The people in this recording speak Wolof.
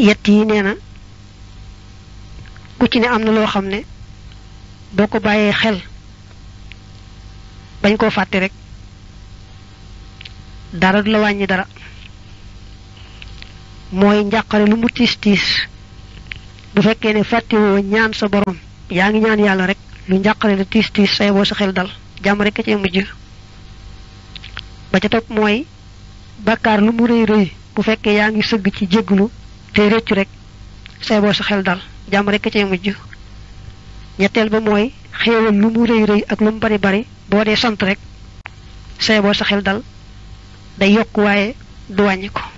yetti neena na ku ci ne amna lo xamne xam baye xel bañ ko fatte rek dara la wañi dara moy njaqare lu mutis tis bu fekke ne wo ñaan sa borom yaangi ñaan yalla rek lu njaqare la tis tis say bo sa xel dal jam rek cee mujj ba ca topp moy bàkkaar lu mu reey reey bu fekke yaangi seug ci jeglu tey réccu rek say sa xel dal jàmm rek cay mujj ñetteel ba mooy xéewal lu mu rëy rëy ak lu mu bari bari boo dee sant rek say sa xel dal day yokk waaye du wàññi ko